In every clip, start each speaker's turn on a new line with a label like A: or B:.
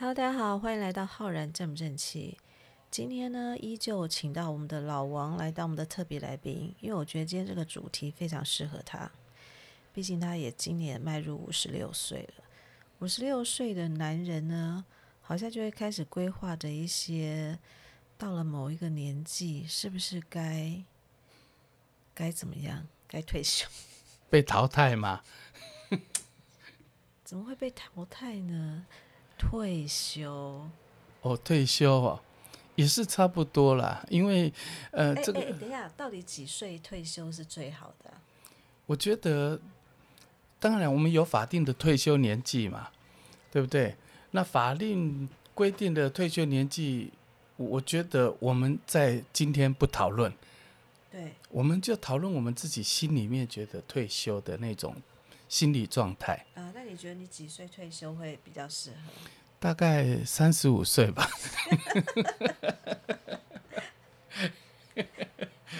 A: Hello，大家好，歡迎來到浩然正不正氣。今天呢，依舊請到我們的老王來到我們的特別來賓，因為我覺得今天這個主題非常適合他，畢竟他也今年邁入五十六歲了。五十六歲的男人呢，好像就會開始規劃着一些到了某一個年紀，是不是該該怎麼樣，該退休，
B: 被淘汰嗎？
A: 怎麼會被淘汰呢？退休，
B: 哦，退休哦，啊，也是差不多啦。因為，呃，這個，欸欸，
A: 等一下，到底幾歲退休是最
B: 好的啊？我覺得，當然，我們有法定的退休年紀嘛，對不對？那法令規定的退休年紀，我覺得我們在今天不討論，對，我們就討論我們自己心裡面覺得退休的那種。心理狀態
A: 啊，那你覺得你幾歲退休會比較適合？
B: 大概三十五歲吧。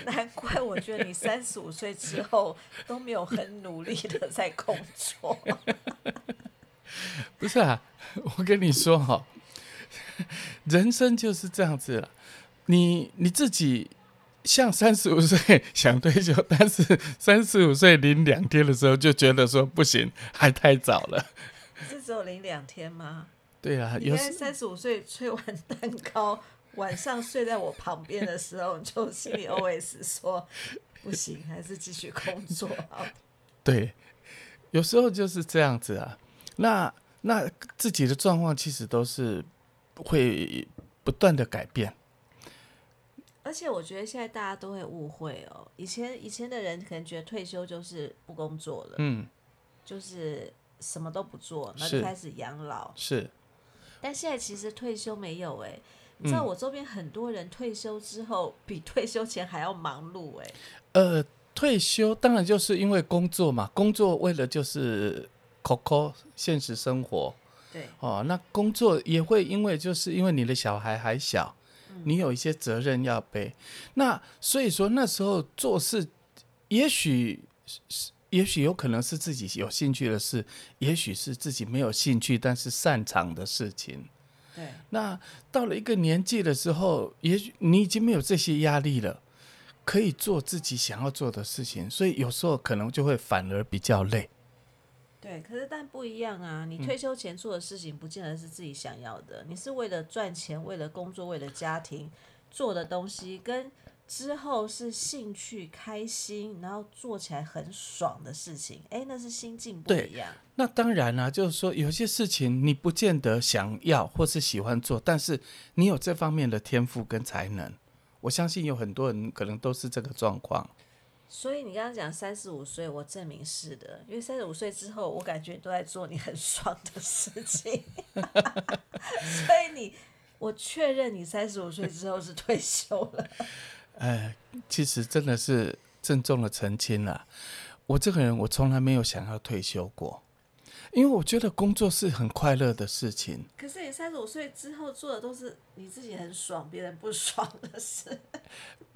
A: 難怪我覺得你三十五歲之後都沒有很努力的在工作 。
B: 不是啊，我跟你說哈，人生就是這樣子了，你你自己。像三十五歲想退休，但是三十五歲零兩天的時候就覺得說不行，還太早了。
A: 是只有零兩天嗎？對啊，有，你看三十五歲吹完蛋糕， 晚上睡在我旁邊的時候，就心裡 OS 說 不行，還是繼續工作，好。
B: 對，有時候就是這樣子啊。那那自己的狀況其實都是會不斷的改變。
A: 而且我覺得現在大家都會誤會哦。以前以前的人可能覺得退休就是不工作了，嗯，就是什麼都不做，那就開始養老是。是，但現在其實退休沒有哎、欸。你知道、嗯、我周邊很多人退休之後，比退休前還要忙碌哎、
B: 欸。呃，退休當然就是因為工作嘛，工作為了就是 Coco 現實生活。對哦，那工作也會因為就是因為你的小孩還小，你有一些責任要背，那所以說那時候做事，也許是，也許有可能是自己有興趣的事，也許是自己沒有興趣但是擅長的事情。對，那到了一個年紀的時候，也許你已經沒有這些壓力了，可以做自己想要做的事情，所以有時候可能就會反而比較累。
A: 對，可是但不一樣啊！你退休前做的事情，不見得是自己想要的。嗯、你是為了賺錢、為了工作、為了家庭做的東西，跟之後是興趣、開心，然後做起來很爽的事情，哎，那是心境不一樣。
B: 那當然啦、啊，就是說有些事情你不見得想要或是喜歡做，但是你有這方面的天賦跟才能，我相信有很多人可能都是這個狀況。
A: 所以你剛剛講三十五歲，我證明是的，因為三十五歲之後，我感覺都在做你很爽的事情。 所以你，我確認你三十五歲
B: 之後是退休了。哎，其實真的是鄭重的澄清了啊，我這個人我從來沒有想要退休過，因為我覺得工作是很快樂的事情。
A: 可是你三十五歲之後做的都是你自己很爽，別人不爽的事。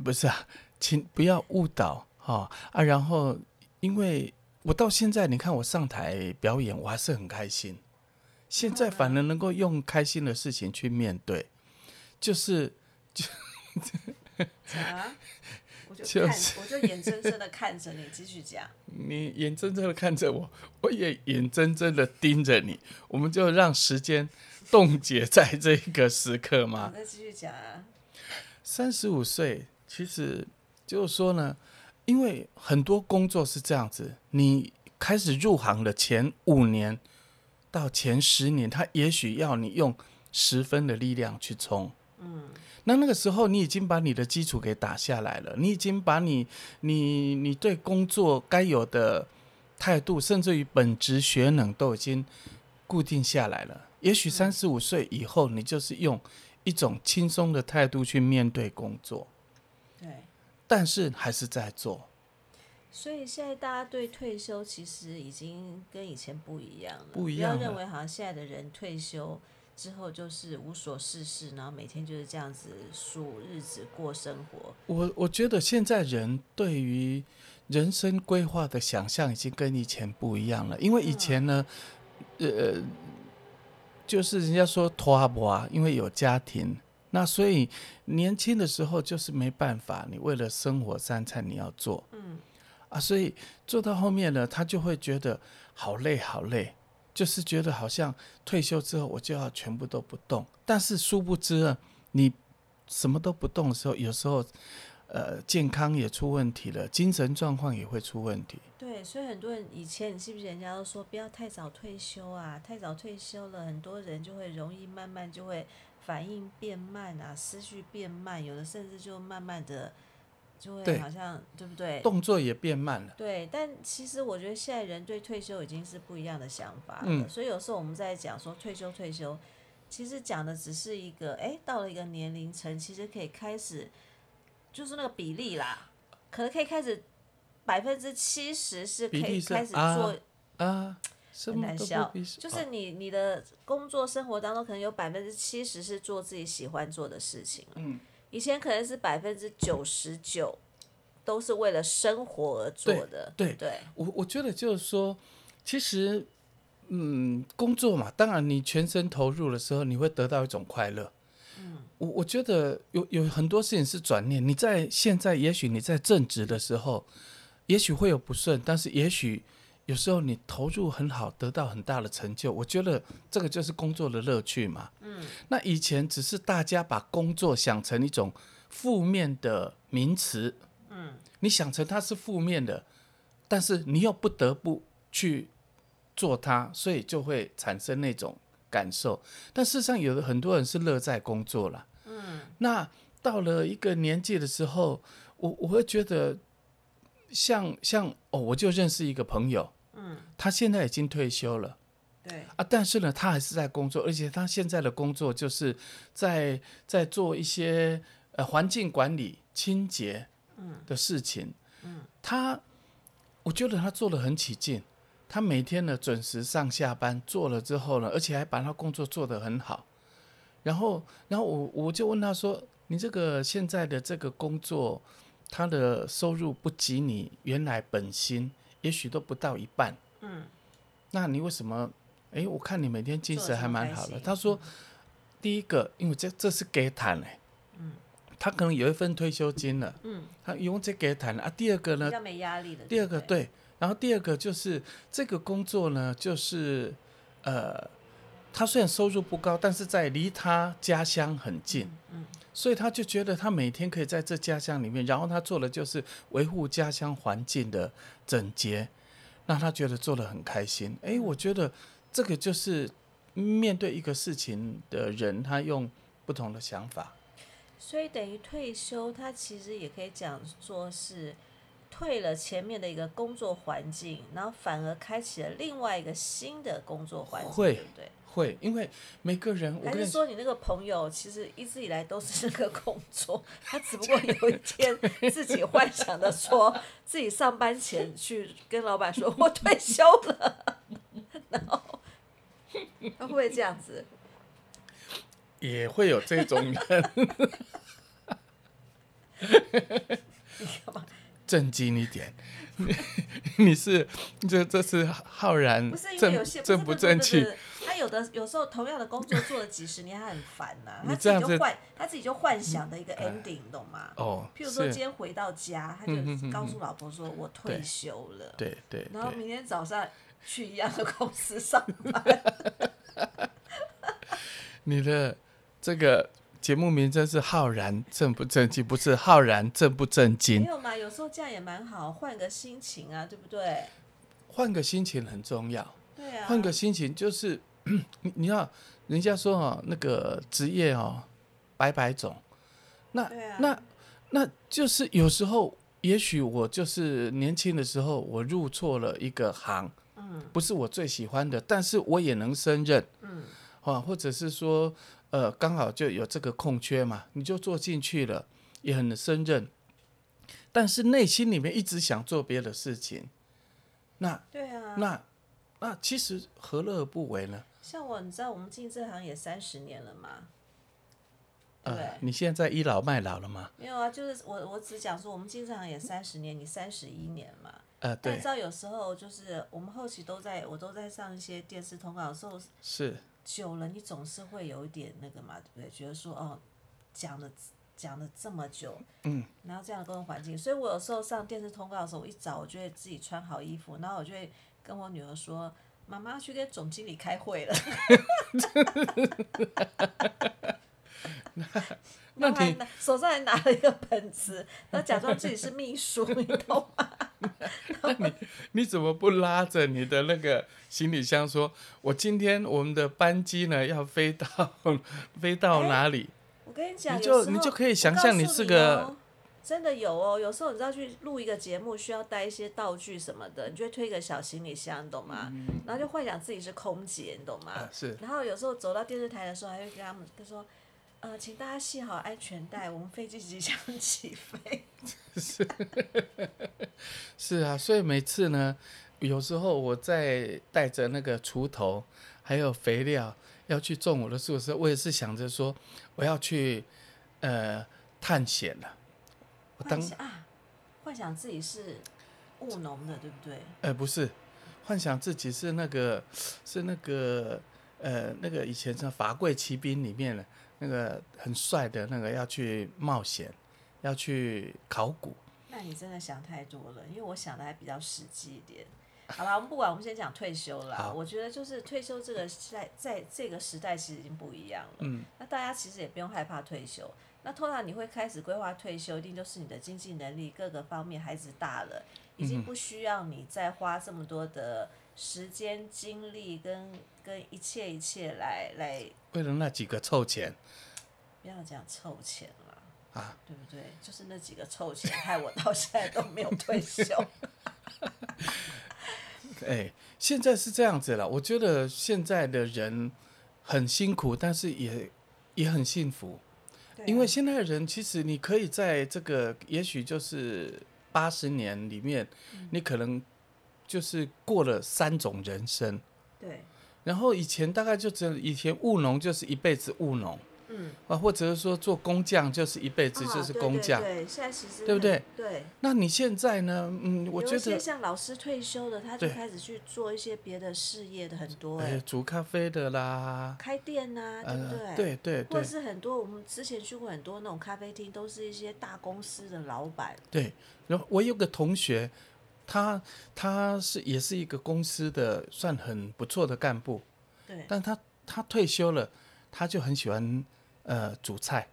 B: 不是啊，請不要誤導。好、哦、啊，然後因為我到現在，你看我上台表演，我還是很開心。現在反而能夠用開心的事情去面對，嗯、就是就啊， 我就看，就是、我就
A: 眼睜睜的看着你繼續講。
B: 你眼睜睜的看着我，我也眼睜睜的盯着你，我們就讓時間凍結在這個時刻嘛。那、嗯、
A: 繼續講啊。
B: 三十五歲，其實就是說呢。因為很多工作是這樣子，你開始入行的前五年到前十年，他也許要你用十分的力量去衝。嗯，那那個時候你已經把你的基礎給打下來了，你已經把你、你、你對工作該有的態度，甚至於本職學能都已經固定下來了。也許三十五歲以後，你就是用一種輕鬆的態度去面對工作。但是還是在做，
A: 所以現在大家對退休其實已經跟以前不一樣了。不一樣，不要認為好像現在的人退休之後就是無所事事，然後每天就是這樣子數日子過生活。
B: 我我覺得現在人對於人生規劃的想象已經跟以前不一樣了，因為以前呢，嗯、呃，就是人家說拖阿伯啊，因為有家庭。那所以年輕的時候就是沒辦法，你為了生活三餐你要做，
A: 嗯
B: 啊，所以做到後面呢，他就會覺得好累好累，就是覺得好像退休之後我就要全部都不動，但是殊不知啊，你什麼都不動的時候，有時候呃健康也出問題了，精神狀況也會出問題。
A: 對，所以很多人以前你記不記得人家都說不要太早退休啊，太早退休了，很多人就會容易慢慢就會。反應變慢啊，思緒變慢，有的甚至就慢慢的就會好像對，對不對？動
B: 作也變慢了。
A: 對，但其實我覺得現在人對退休已經是不一樣的想法了，嗯、所以有時候我們在講說退休退休，其實講的只是一個哎、欸、到了一個年齡層，其實可以開始就是那個比例啦，可能可以開始百分之七十是可以開始做啊。啊很難消，哦、就是你你的工作生活當中，可能有百分之七十是做自己喜歡做的事情。嗯，以前可能是百分之九十九都是為了生活而做的。對
B: 對，對對我我覺得就是說，其實，嗯，工作嘛，當然你全身投入的時候，你會得到一種快樂。嗯，我我覺得有有很多事情是轉念，你在現在也許你在正職的時候，也許會有不順，但是也許。有時候你投入很好，得到很大的成就，我覺得這個就是工作的樂趣嘛。嗯，那以前只是大家把工作想成一種負面的名詞，嗯，你想成它是負面的，但是你又不得不去做它，所以就會產生那種感受。但事實上，有的很多人是樂在工作了。嗯，那到了一個年紀的時候，我我會覺得。像像哦，我就認識一個朋友，嗯，他現在已經退休了，對啊，但是呢，他還是在工作，而且他現在的工作就是在在做一些呃環境管理、清潔的事情，嗯，嗯他我覺得他做的很起勁，他每天呢準時上下班，做了之後呢，而且還把他工作做得很好，然後然後我我就問他說：“你這個現在的這個工作，”他的收入不及你原來本薪，也許都不到一半。嗯，那你為什麼？哎，我看你每天精神還蠻好的。心心他說，嗯，第一個，因為這這是給談嘞，嗯，他可能有一份退休金
A: 了，嗯，他
B: 不用再給談啊。第二個
A: 呢，第二個對，對
B: 對，然後第二個就是這個工作呢，就是呃，他雖然收入不高，但是在離他家鄉很近，嗯。嗯所以他就覺得他每天可以在這家鄉裡面，然後他做的就是維護家鄉環境的整潔，那他覺得做得很開心。哎，我覺得這個就是面對一個事情的人，他用不同的想法。
A: 所以等於退休，他其實也可以講說是退了前面的一個工作環境，然後反而開啟了另外一個新的工作環境，會對不對？
B: 會，因為每個人，還是說
A: 你那個朋友，其實一直以來都是那個工作，他只不過有一天自己幻想着說， 自己上班前去跟老闆說，我退休了， 然後他會不會這樣子？
B: 也會有這種人。 正經一點，你，你是你這這是浩然，不是因為有些不，是正不正氣，不是他
A: 有的有時候同樣的工作做了幾十年，他很煩吶、啊，他自己就幻，他自己就幻想的一個 ending、嗯呃、懂嗎？哦，譬如說今天回到家，是他就告訴老婆說：“嗯嗯嗯我退休了。對”對對，對然後明天早上去一樣的公司上
B: 班。 你的這個。節目名真是浩然正不正經，不是浩然正不正經。沒
A: 有嘛，有時候這樣也蠻好，換個心情啊，對不對？
B: 換個心情很重要。
A: 對啊。換個
B: 心情就是，你你要人家說啊、哦，那個職業哦，百百種。那對、啊、那那就是有時候，也許我就是年輕的時候，我入錯了一個行，嗯，不是我最喜歡的，但是我也能勝任，嗯啊，或者是說。呃，剛好就有這個空缺嘛，你就做進去了，也很勝任。但是內心裡面一直想做別的事情，那對啊，那那其實何樂而不為呢？
A: 像我，你知道我們進這行也三十年了嘛，呃、對吧，
B: 你現在倚老賣老了嗎？
A: 沒有啊，就是我我只講說我們進這行也三十年，嗯、你三十一年嘛。呃，對。但你知道有時候就是我們後期都在我都在上一些電視通告的時候是。久了，你總是會有一點那個嘛，對不對？覺得說哦，講了講了這麼久，嗯，然後這樣的工作環境，所以我有時候上電視通告的時候，我一早我就會自己穿好衣服，然後我就會跟我女兒說：“媽媽去跟總經理開會
B: 了。 ” 那那，那還手上還拿了一個本子，那假裝自己是秘書， 你懂嗎？那你你怎麼不拉着你的那個行李箱說，說我今天我們的班機呢要飛到飛到哪裡？欸、我跟你講，你就你就可以想象你這個
A: 真的有哦。有時候你知道去錄一個節目，需要帶一些道具什麼的，你就會推個小行李箱，你懂嗎？嗯、然後就幻想自己是空姐，你懂嗎？啊、是。然後有時候走到電視台的時候，還會跟他們他說。呃，請大家繫好安全帶，我們飛機即將起飛。
B: 是是啊，所以每次呢，有時候我在帶着那個鋤頭還有肥料要去種我的樹的時候，我也是想着說我要去呃探險了。我當時
A: 啊，幻想自己是務農的，對
B: 不對？呃，不是，幻想自己是那個是那個呃那個以前是法貴騎兵裡面的。那個很帥的那個要去冒險，要去考古。
A: 那你真的想太多了，因為我想的還比較實際一點。好吧，我們不管，我們先講退休啦。好我覺得就是退休這個在在這個時代其實已經不一樣了。嗯。那大家其實也不用害怕退休。那通常你會開始規劃退休，一定就是你的經濟能力各個方面，孩子大了，已經不需要你再花這麼多的。時間、精力跟跟一切一切來來，
B: 為了那幾個臭錢，
A: 啊、不要講臭錢了啊，對不對？就是那幾個臭錢害我到現在都沒有退休。
B: 哎，現在是這樣子了，我覺得現在的人很辛苦，但是也也很幸福，啊、因為現在的人其實你可以在這個也許就是八十年裡面，嗯、你可能。就是過了三種人生，對。然後以前大概就只有以前務農就是一輩子務農，嗯啊，或者是說做工匠就是一輩子就是工匠。啊、對，對，對，現在其實對不對？對。那你現在呢？嗯，我覺得
A: 像老師退休的，對他就開始去做一些別的事業的很多、欸，哎，
B: 煮咖啡的啦，
A: 開店吶、啊，啊、對不對？對，對對。或者是很多我們之前去過很多那種咖啡廳，都是一些大公司的老板。
B: 對，然後我有個同學。他他是也是一個公司的算很不錯的幹部，對，但他他退休了，他就很喜歡呃煮菜，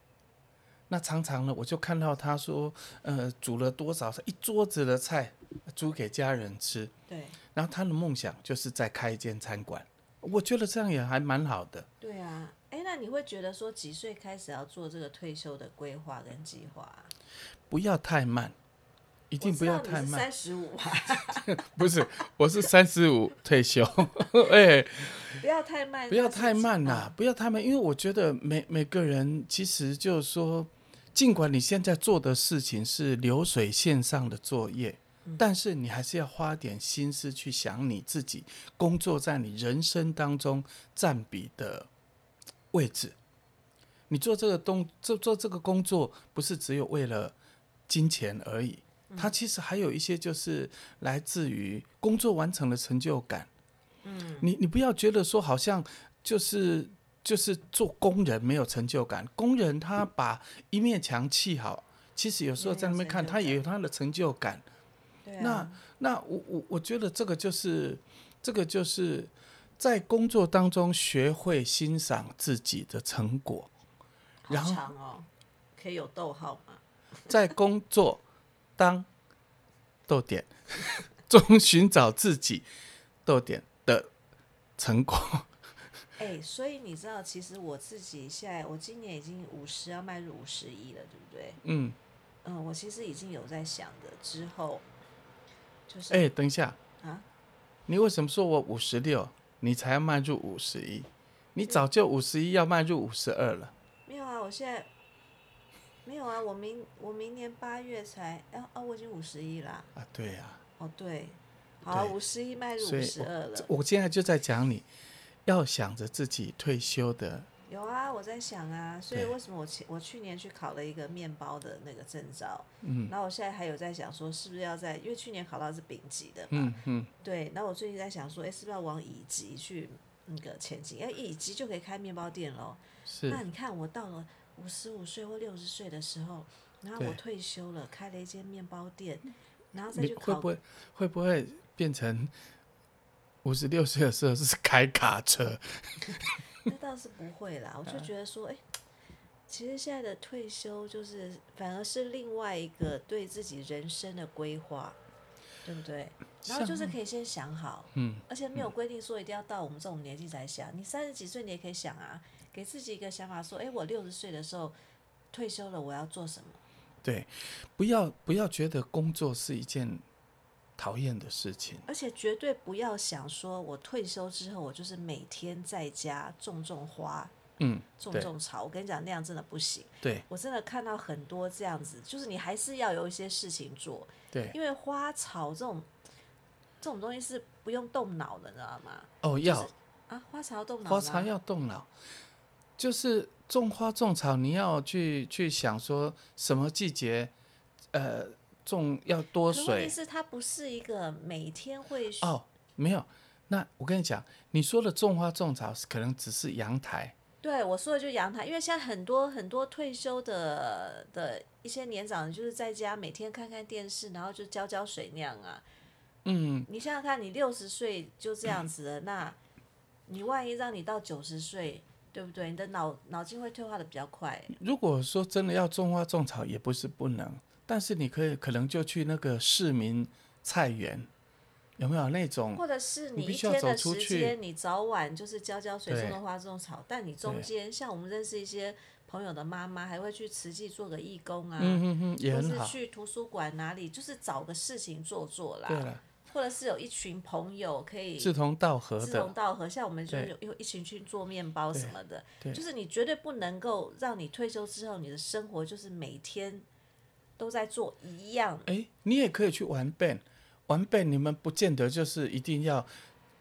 B: 那常常呢我就看到他說呃煮了多少一桌子的菜煮給家人吃，對，然後他的夢想就是再開一間餐館，我覺得這樣也還蠻好的。
A: 對啊，哎，那你會覺得說幾歲開始要做這個退休的規劃跟計劃啊？
B: 不要太慢。一定不要太慢。三十五啊、 不是，我是三十五退休。 哎，不要太慢，不要太慢了、啊。不要太慢。因為我覺得每每個人其實就是說，儘管你現在做的事情是流水線上的作業，嗯、但是你還是要花點心思去想你自己工作在你人生當中佔比的位置。你做這個工，做做這個工作，不是只有為了金錢而已。他其實還有一些就是來自於工作完成的成就感。嗯，你你不要覺得說好像就是就是做工人沒有成就感。工人他把一面牆砌好，嗯、其實有時候在那邊看他也有他的成就感。對啊、那那我我我覺得這個就是這個就是在工作當中學會欣賞自己的成果。然後哦，
A: 可以有逗號嗎？
B: 在工作。 當逗點中尋找自己逗點的成果。哎、
A: 欸，所以你知道，其實我自己現在，我今年已經五十，要邁入五十一了，對不對？嗯嗯，我其實已經有在想的之後，就是，哎、欸，等一下啊！
B: 你為什麼說我五十六，你才要邁入五十一？你早就五十一要邁入五十二了。
A: 沒有啊，我現在。沒有啊，我明我明年八月才，哎、啊啊、我已經五十一啦。啊，對啊，哦，對。好、啊，五十一邁入五十二了我。
B: 我今天就在講你，你要想着自己退休的。
A: 有啊，我在想啊，所以為什麼我前我去年去考了一個麵包的那個證照，嗯對，然後我現在還有在想說，是不是要在，因為去年考到是丙級的嘛，嗯，嗯對，那我最近在想說，哎，是不是要往乙級去那、嗯、個前進？哎、啊，一乙級就可以開面包店嘍。是。那你看我到了。五十五歲或六十歲的時候，然後我退休了，對開了一間麵包店，嗯、然後再去考，會不
B: 會，會不會變成五十六歲的時候是開卡車？
A: 那倒是不會啦，我就覺得說，哎對、欸，其實現在的退休就是反而是另外一個對自己人生的規劃，嗯、對不對？然後就是可以先想好，嗯，而且沒有規定說一定要到我們這種年紀才想，嗯、你三十幾歲你也可以想啊。給自己一個想法，說：“哎，我六十歲的時候退休了，我要做什麼？”
B: 對，不要不要覺得工作是一件討厭的事情，
A: 而且絕對不要想說，我退休之後我就是每天在家種種花，嗯，種種草。對，我跟你講，那樣真的不行。對，我真的看到很多這樣子，就是你還是要有一些事情做。對，因為花草這種這種東西是不用動腦的，知道嗎？哦，就是、要啊，花草要動腦，花草要
B: 動腦。花就是種花種草，你要去去想說什麼季節，呃，種要多水。問題是
A: 它不是一個每天會哦
B: ，oh, 沒有。那我跟你講，你說的種花種草可能只是陽台。
A: 對，我說的就是陽台，因為現在很多很多退休的的一些年長，就是在家每天看看電視，然後就澆澆水那樣啊。嗯，你想想看，你六十歲就這樣子了，嗯，那你萬一讓你到九十歲？對不對？你的腦腦筋會退化的比較快。
B: 如果說真的要種花種草對也不是不能，但是你可以可能就去那個市民菜園，有沒有那種？或者是你，你一天的時間，
A: 你早晚就是澆澆水、種花種草，對但你中間對像我們認識一些朋友的媽媽，還會去慈濟做個義工啊，也很好。或是去圖書館哪裡，就是找個事情做做啦。對或者是有一群朋友可以志同道合的，志同道合，像我們就有有一群去做面包什麼的，就是你絕對不能夠讓你退休之後你的生活就是每天都在做一樣。
B: 哎、欸，你也可以去玩 band 玩 band 你們不見得就是一定要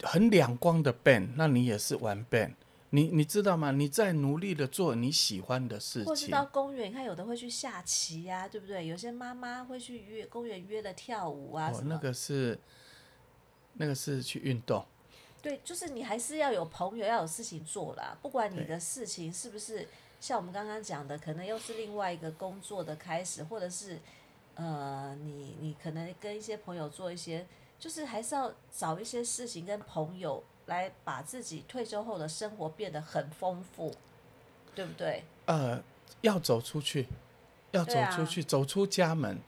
B: 很兩光的 band 那你也是玩 band 你你知道嗎？你在努力的做你喜歡的事情，或者是到
A: 公園，看有的會去下棋呀、啊，對不對？有些媽媽會去約公園約了跳舞啊，哦，什麼那
B: 個是。那個是去運動，
A: 對，就是你還是要有朋友，要有事情做啦。不管你的事情是不是對像我們剛剛講的，可能又是另外一個工作的開始，或者是呃，你你可能跟一些朋友做一些，就是還是要找一些事情跟朋友來把自己退休後的生活變得很豐富，對不對？
B: 呃，要走出去，
A: 要走出去，
B: 對啊，走出家門，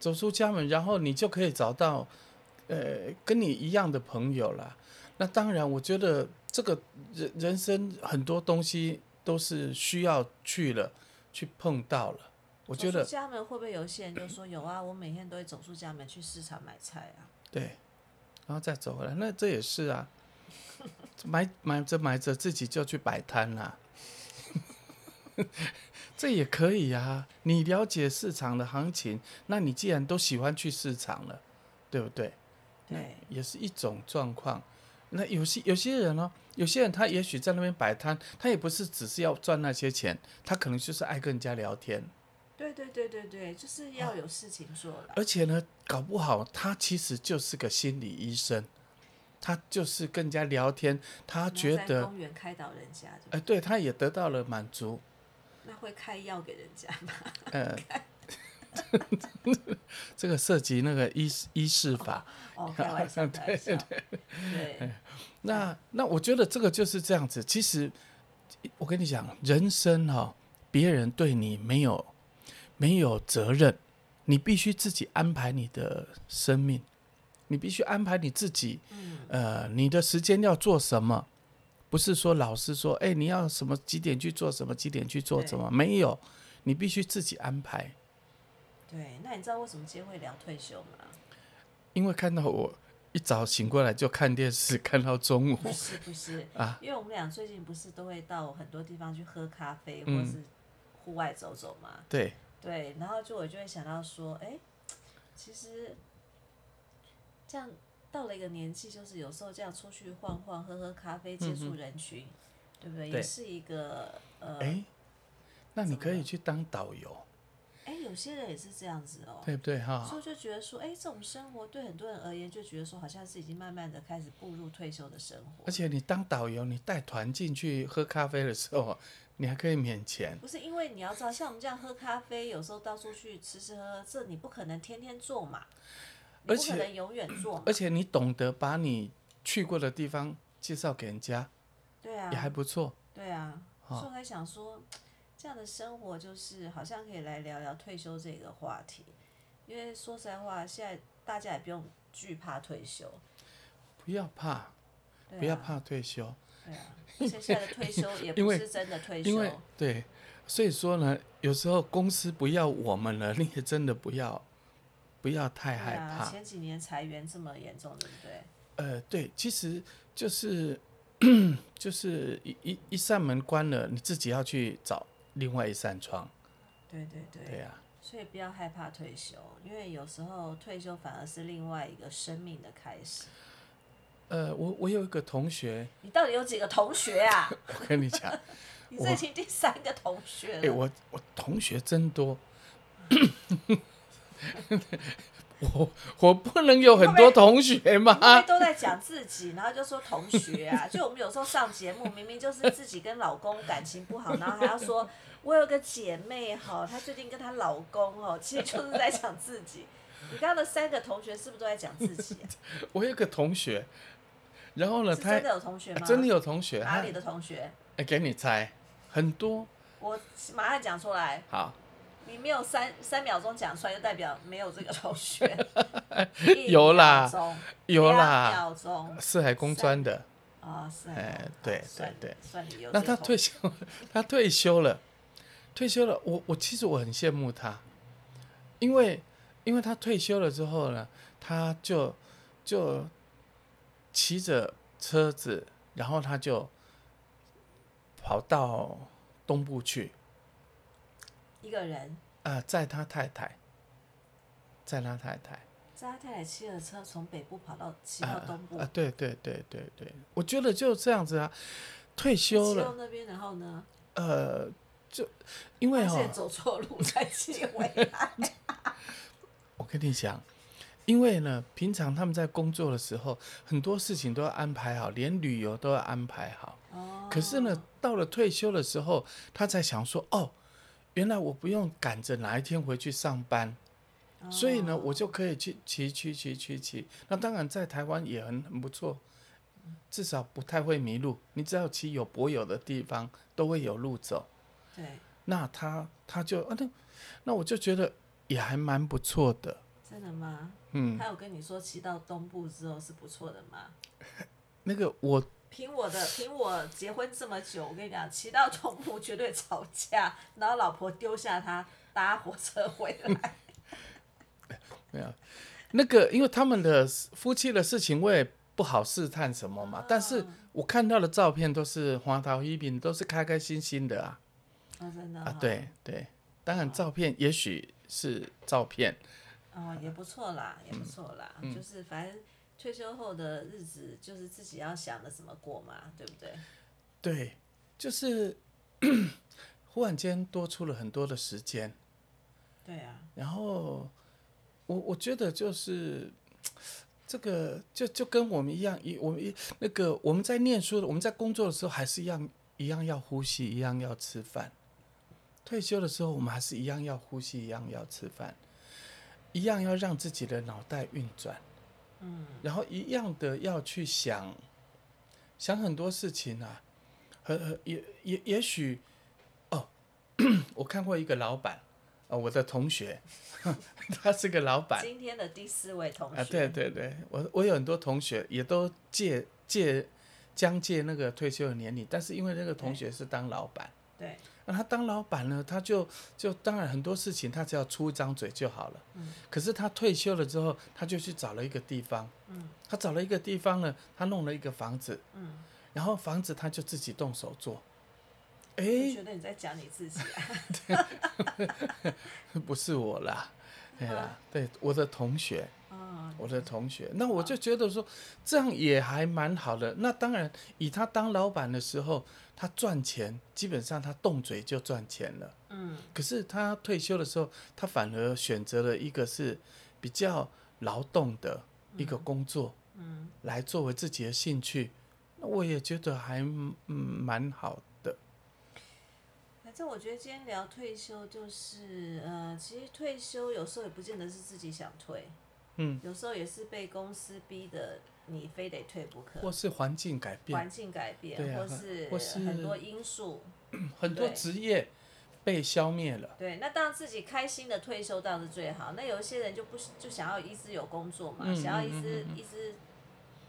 B: 走出家門，然後你就可以找到。呃、欸，跟你一樣的朋友了，那當然，我覺得這個人人生很多東西都是需要去了，去碰到了。我覺得家
A: 門會不會有些人就說有啊。嗯、我每天都會走出家門去市場買菜啊。
B: 對，然後再走回來，那這也是啊。買買着買着自己就去擺攤了， 這也可以啊，你了解市場的行情，那你既然都喜歡去市場了，對不對？對，也是一種狀況。那有些有些人呢、哦，有些人他也許在那邊擺攤，他也不是只是要賺那些錢，他可能就是愛跟人家聊天。
A: 對對對對對，就是要有事情做了、啊。
B: 而且呢，搞不好他其實就是個心理醫生，他就是跟人家聊天，他覺得在公
A: 園開導人家是不是？哎、
B: 呃，對，他也得到了滿足。
A: 那會開藥給人家嗎？
B: 呃， 這個涉及那個醫醫事法。Oh. 開玩、哦、好對對對。好，對，那那我覺得這個就是這樣子。其實我跟你講，人生哈、哦，別人對你沒有沒有責任，你必須自己安排你的生命，你必須安排你自己。嗯。呃，你的時間要做什麼？不是說老師說，哎、欸，你要什麼幾點去做什麼，幾點去做什麼？對沒有，你必須自己安排。
A: 對，那你知道為什麼今天會聊退休嗎？
B: 因為看到我一早醒過來就看電視，看到中午，不是不是啊。
A: 因為我們倆最近不是都會到很多地方去喝咖啡，嗯、或是戶外走走嘛？對對，然後就我就會想到說，哎，其實這樣到了一個年紀，就是有時候這樣出去晃晃，喝喝咖啡，接觸人群，嗯嗯對不對？對也是一個呃，哎，
B: 那你可以去當導遊。
A: 哎，有些人也是這樣子哦，對
B: 不對哈、哦？所以就
A: 覺得說，哎，這種生活對很多人而言，就覺得說，好像是已經慢慢的開始步入退休的生活。
B: 而且你當導遊，你帶團進去喝咖啡的時候，你還可以免錢。
A: 不是因為你要知道，像我們這樣喝咖啡，有時候到處去吃吃喝喝，這你不可能天天做嘛，
B: 而且你不可能
A: 永遠做。而
B: 且你懂得把你去過的地方介紹給人家，對啊，也還不錯。對啊，哦、所以
A: 我在想說。這樣的生活就是好像可以來聊聊退休這個話題，因為說實在話，現在大家也不用懼怕退休，
B: 不要怕，啊、不要怕退休。
A: 對啊，而且現在的退休也不是
B: 真的退休。對，所以說呢，有時候公司不要我們了，你也真的不要，不要太害怕。啊、前
A: 幾年裁員這麼嚴重，對不對？
B: 呃，對，其實就是就是一一一扇門關了，你自己要去找。另外一扇窗，對
A: 對對，對呀、啊，所以不要害怕退休，因為有時候退休反而是另外一個生命的開始。
B: 呃，我我有一個同學，
A: 你到底有幾個同學啊？ 我
B: 跟你講， 你已經
A: 第三個同學了。我、欸、我，
B: 我同學真多。 我我不能有很多同學嗎？後面都在講
A: 自己，然後就說同學啊， 就我們有時候上節目，明明就是自己跟老公感情不好，然後還要說，我有個姐妹哈，她最近跟她老公哦，其實就是在講自己。你剛剛的三個同學是不是都在講自己，啊？
B: 我有個同學，然後呢，真的有同學嗎？啊，真的有同學，哪裡的同學？哎，啊，給你猜，很多。
A: 我馬上講出來。好。你沒有三三秒鐘講出來，就代表沒有這個頭銜。 鐘有啦，有啦，四海工專
B: 的啊，是哎、哦欸，對對對，
A: 那他退
B: 休，他退休了，退休了。我我其實我很羨慕他，因為因為他退休了之後呢，他就就騎着車子，然後他就跑到東部去。一個人啊、呃，在他太太，在他太太，在他太太
A: 騎的車從北部跑
B: 到西部東部啊、呃呃，對對對對對，我覺得就這樣子啊，退休了那邊，然後呢？呃，就因為哈、哦，走
A: 錯路才是回來
B: 我跟你講，因為呢，平常他們在工作的時候，很多事情都要安排好，連旅遊都要安排好。哦、可是呢，到了退休的時候，他才想說哦。原來我不用趕着哪一天回去上班，oh. 所以呢，我就可以去騎、去騎、去騎，騎，騎。那當然在台灣也很很不錯，至少不太會迷路。你只要騎有柏油的地方，都會有路走。對，那他他就啊那，那我就覺得也還蠻不錯的。真的嗎？
A: 嗯。他有跟你說騎到東部之後是不錯的嗎？
B: 那個我。
A: 憑我的，憑我結婚這麼久，我跟你講，騎到中途絕對吵架，然後老婆丟下他搭火車回來。
B: 嗯、沒有，那個因為他們的夫妻的事情，我也不好試探什麼嘛。嗯、但是我看到的照片都是花桃一餅，都是開開心心的啊。啊、哦，真的啊？啊對對，當然照片也許是照片。哦，
A: 也不錯啦，也不錯啦，嗯、就是反正。退休後的日子就是自己要想着怎麼過嘛，對
B: 不對？對，就是 忽然間多出了很多的時間。
A: 對
B: 啊。然後我我覺得就是這個就就跟我們一樣，一我們一那個我們在念書，我們在工作的時候，還是一樣一樣要呼吸，一樣要吃飯。退休的時候，我們還是一樣要呼吸，一樣要吃飯，一樣要讓自己的腦袋運轉。嗯，然後一樣的要去想，想很多事情啊，也也也許哦，我看過一個老闆，哦，我的同學，他是個老闆。
A: 今天的第四位同學。啊，
B: 對對對，我我有很多同學也都借借將借那個退休的年齡，但是因為那個同學是當老闆。對。對那他當老闆呢，他就就當然很多事情，他只要出一張嘴就好了。可是他退休了之後，他就去找了一個地方。嗯。他找了一個地方呢，他弄了一個房子。嗯。然後房子他就自己動手做。
A: 哎。我覺得你在講你自己。
B: 對，不是我啦，對啦，對，我的同學。我的同學，那我就覺得說這樣也還蠻好的。那當然，以他當老闆的時候。他賺錢，基本上他動嘴就賺錢了。嗯，可是他退休的時候，他反而選擇了一個是比較勞動的一個工作，嗯，嗯，來作為自己的興趣。那我也覺得還蠻好的。
A: 反正我覺得今天聊退休，就是呃，其實退休有時候也不見得是自己想退，嗯，有時候也是被公司逼的。你非得退不可，或是環境改變，環境改變，啊、或是或是很多
B: 因素，很多職業被消滅了，
A: 對，那當自己開心的退休倒是最好。那有一些人就不就想要一直有工作嘛，嗯嗯嗯嗯想
B: 要一直嗯嗯一直，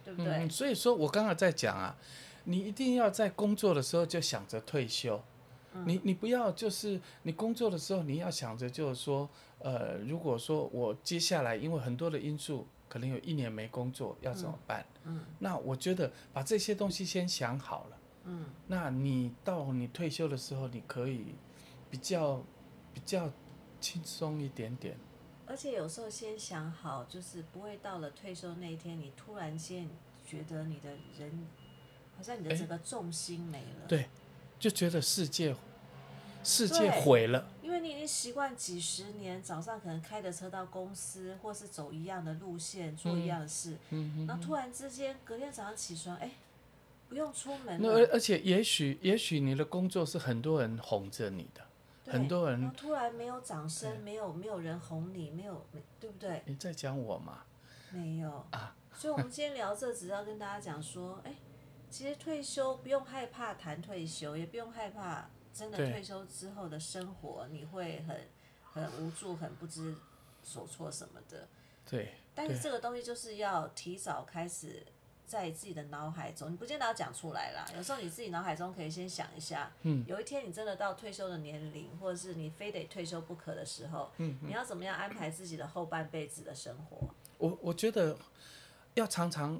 B: 對不對？所以說，我剛剛在講啊，你一定要在工作的時候就想着退休，嗯、你你不要就是你工作的時候你要想着就是說，呃，如果說我接下來因為很多的因素。可能有一年沒工作，要怎麼辦？嗯，嗯，那我覺得把這些東西先想好了，嗯，那你到你退休的時候，你可以比較比較輕鬆一點點。
A: 而且有時候先想好，就是不會到了退休那一天，你突然間覺得你的人好像你的整個重心沒了，欸、對，
B: 就覺得世界。世界毀了，
A: 因為你已經習慣幾十年早上可能開著車到公司，或是走一樣的路線，做一樣的
B: 事，那、嗯嗯嗯、突
A: 然之間隔天早上起床，哎，不用出門。而且
B: 也許也許你的工作是很多人哄着你的，
A: 對很多人然後突然沒有掌聲，對沒有沒有人哄你，沒有對不對？
B: 你在講我嗎？
A: 沒有啊，所以我們今天聊這，只是要跟大家講說，哎呵，其實退休不用害怕談退休，也不用害怕。真的退休之後的生活，對你會很很無助、很不知所措什麼的。
B: 對，但是這
A: 個東西就是要提早開始，在自己的腦海中，你不見得要講出來啦。有時候你自己腦海中可以先想一下，嗯，有一天你真的到退休的年齡，或者是你非得退休不可的時候，嗯，你要怎麼樣安排自己的後半輩子的生活？我
B: 我覺得要常常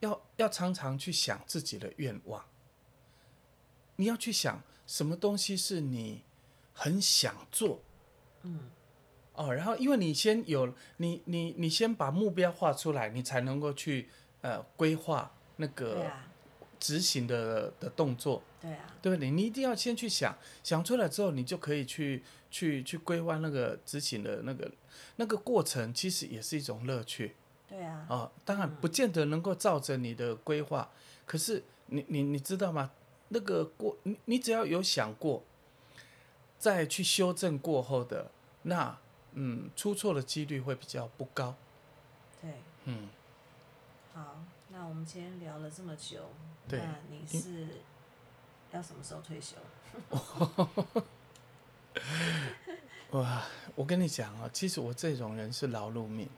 B: 要要常常去想自己的願望，你要去想。什麼東西是你很想做？嗯，哦，然後因為你先有你你你先把目標畫出來，你才能夠去呃規劃那個執行的、啊、的動作。對啊。對，不對，你你一定要先去想，想出來之後，你就可以去去去規劃那個執行的那個那個過程，其實也是一種樂趣。
A: 對啊。哦，
B: 當然不見得能夠照着你的規劃，嗯、可是你你你知道嗎？那個過，你你只要有想過，再去修正過後的那，嗯，出錯的幾率會比較不高。對，嗯，好，那我
A: 們今天聊了這麼久，對那你是要什麼時候退休？
B: 哇，我跟你講啊，其實我這種人是勞碌命。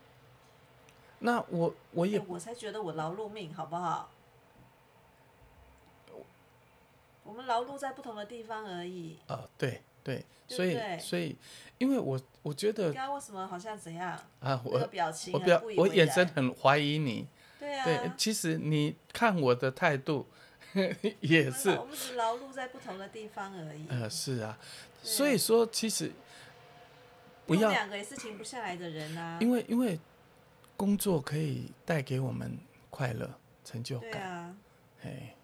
B: 那我我也、欸、
A: 我才覺得我勞碌命，好不好？我們勞碌在不同的地方而已。
B: 啊、呃，對對，對對所以所以，因為我我覺得，剛
A: 剛為什麼好像怎樣啊？我的表情，我表，我眼神
B: 很懷疑你。對啊。對，其實你看我的態度呵呵也是我。我
A: 們只勞碌在不同的地方而已。呃，
B: 是啊，所以說其實，不對要，我們兩
A: 個也是停不下來的人啊。因為
B: 因為工作可以帶給我們快樂、成就感，對
A: 啊。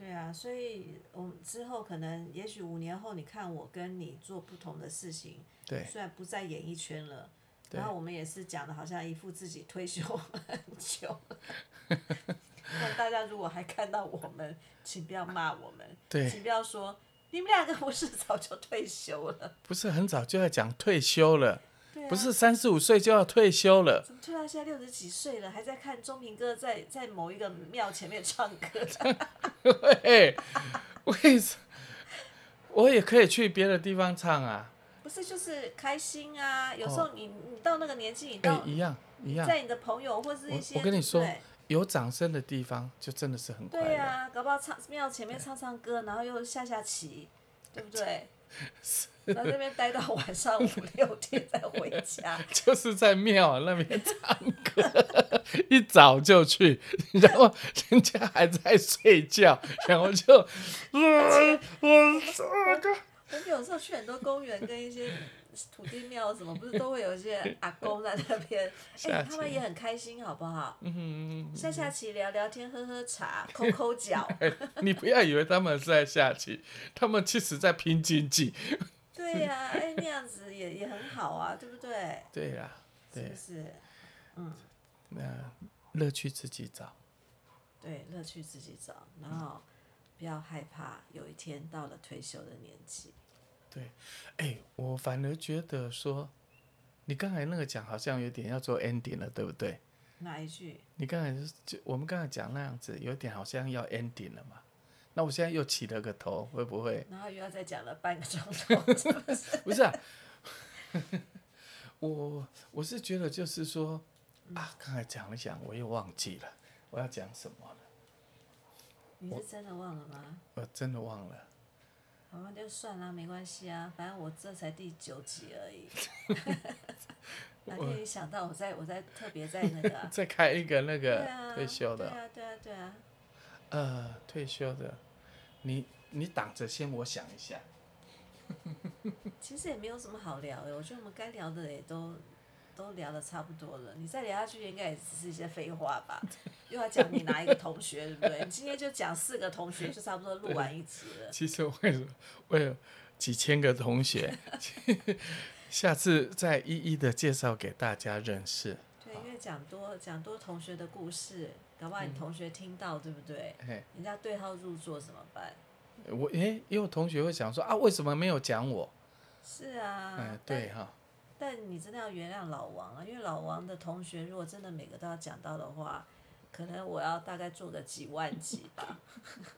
A: 對啊，所以我們、嗯、之後可能，也許五年後，你看我跟你做不同的事情。對。雖然不在演藝圈了。對。然後我們也是講的，好像一副自己退休很久。 但大家如果還看到我們，請不要罵我們。對。請不要說你們兩個不是早就退休了。
B: 不是很早就要講退休了。啊、不是三十五歲就要退休了？怎麼
A: 退到現在六十幾歲了，還在看鍾明哥在在某一個廟前面唱歌
B: 的？為為什？ 我也可以去別的地方唱啊！
A: 不是，就是開心啊！有時候你、哦、你到那個年紀，哎、欸，一
B: 樣一樣，你在你
A: 的朋友或是一些，我，我跟你說，對
B: 對有掌聲的地方就真的是很快樂。對
A: 啊，搞不好唱廟前面唱唱歌，對然後又下下棋，對不對？ 然
B: 後在那邊待
A: 到晚上五六
B: 點再回家， 就是在廟那邊唱歌， 一早就去，然後人家還在睡覺， 然後就，而且我我我我我有時候
A: 去很多公園跟一些。土地廟什麼不是都會有一些阿公在那邊？哎 期、欸，他們也很開心，好不好？嗯嗯下下棋，聊聊天，喝喝茶，摳摳腳。你不要
B: 以為他們是在下棋， 他們其實在拼經濟。
A: 對呀，啊，哎，欸，那樣子也也很好啊，對不對？對呀，對是不是？
B: 嗯。那樂趣自己找。
A: 對，樂趣自己找，然後不要害怕，有一天到了退休的年紀。
B: 對，哎，我反而覺得說，你剛才那個講好像有點要做 ending 了，對不對？
A: 哪一句？
B: 你剛才就我們剛才講那樣子，有點好像要 ending 了嘛？那我現在又起了個頭，會不會？然
A: 後又要再講了半個鐘頭？是不是， 不是啊，
B: 我我是覺得就是說，啊，剛才講了講，我又忘記了我要講什麼了。你是
A: 真的忘了
B: 嗎？我，我真的忘了。
A: 我們就算啦，沒關係啊，反正我這才第九集而已。我 想到我，我在我在特別在那個、啊。
B: 再開一個那個退休的。對啊對啊對
A: 啊。對啊對啊對
B: 啊，呃，退休的，你你擋着先，我想一下。
A: 其實也沒有什麼好聊的。欸，我覺得我們該聊的也都。都聊得差不多了，你再聊下去應該也只是一些廢話吧？ 又要講你哪一個同學， 對不對？你今天就講四個同學，就差不多錄完一集了。其
B: 實我跟我有幾千個同學， 下次再一一的介紹給大家認識。
A: 對，好因為講多講多同學的故事，搞不好你同學聽到，嗯、對不對？人家對號入座怎麼辦？
B: 我哎，因、欸、為同學會講說啊，為什麼沒有講我？
A: 是啊。哎，對哈。但你真的要原諒老王啊，因為老王的同學如果真的每個都要講到的話，可能我要大概做個幾萬集吧，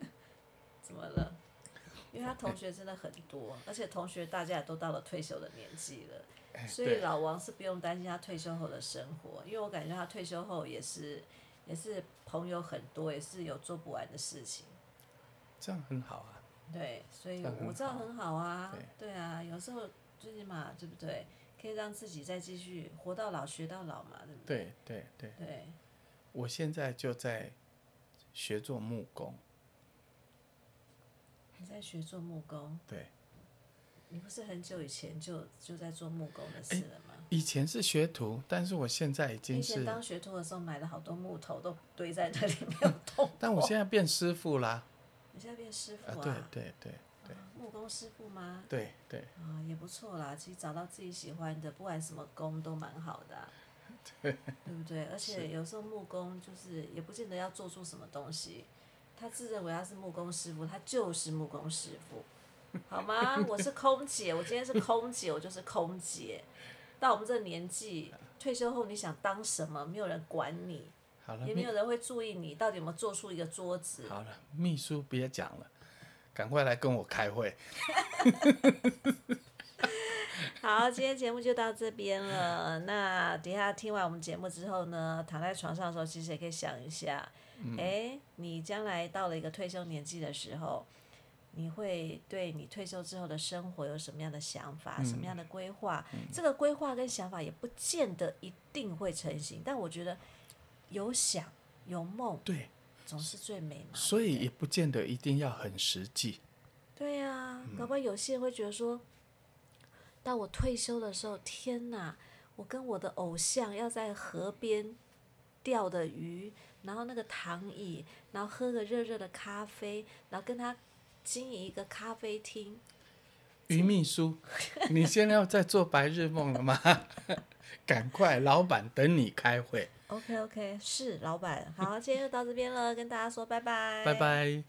A: 怎麼了？因為他同學真的很多，欸、而且同學大家也都到了退休的年紀了，欸、所以老王是不用擔心他退休後的生活，對因為我感覺他退休後也是也是朋友很多，也是有做不完的事情，
B: 這樣很好啊。
A: 對，所以這樣我知道很好啊。對，對啊，有時候最起碼對不對？可以讓自己再繼續活到老學到老嘛，對不對？對對對。對
B: 對對，我現在就在學做木工。
A: 你在學做木工？對。你不是很久以前就就在做木工的事了嗎？
B: 欸，以前是學徒，但是我現在已經是以前當
A: 學徒的時候買了好多木頭都堆在這裡 沒有動，但我現
B: 在變師傅啦。你
A: 現在變師傅啊？對對、啊、對。對對木工師傅嗎？對對。啊、哦，也不錯啦。其實找到自己喜歡的，不管什麼工都蠻好的，啊，對，對不對？而且有時候木工就是也不見得要做出什麼東西，他自認為他是木工師傅，他就是木工師傅，好嗎？我是空姐， 我今天是空姐，我就是空姐。到我們這個年紀，退休後你想當什麼，沒有人管你，
B: 好了，也沒有人
A: 會注意你到底有沒有做出一個桌子。好
B: 了，秘書別講了。趕快來跟我開會。
A: 好，今天節目就到這邊了。 那等一下聽完我們節目之後呢，躺在床上的時候，其實也可以想一下：嗯欸、你將來到了一個退休年紀的時候，你會對你退休之後的生活有什麼樣的想法、嗯、什麼樣的規劃？嗯、這個規劃跟想法也不見得一定會成型，但我覺得有想有夢。對。總是最美
B: 嘛，所以也不見得一定要很實際。
A: 對呀、啊，搞不好有些人會覺得說，嗯、到我退休的時候，天哪，我跟我的偶像要在河邊釣的魚，然後那個躺椅，然後喝個熱熱的咖啡，然後跟他經營一個咖啡廳。
B: 於秘書，就 你現在要再做白日夢了嗎？ 趕快，老闆等你開會。
A: OK OK，是老闆。好，今天就到這邊了， 跟大家說拜
B: 拜。拜拜。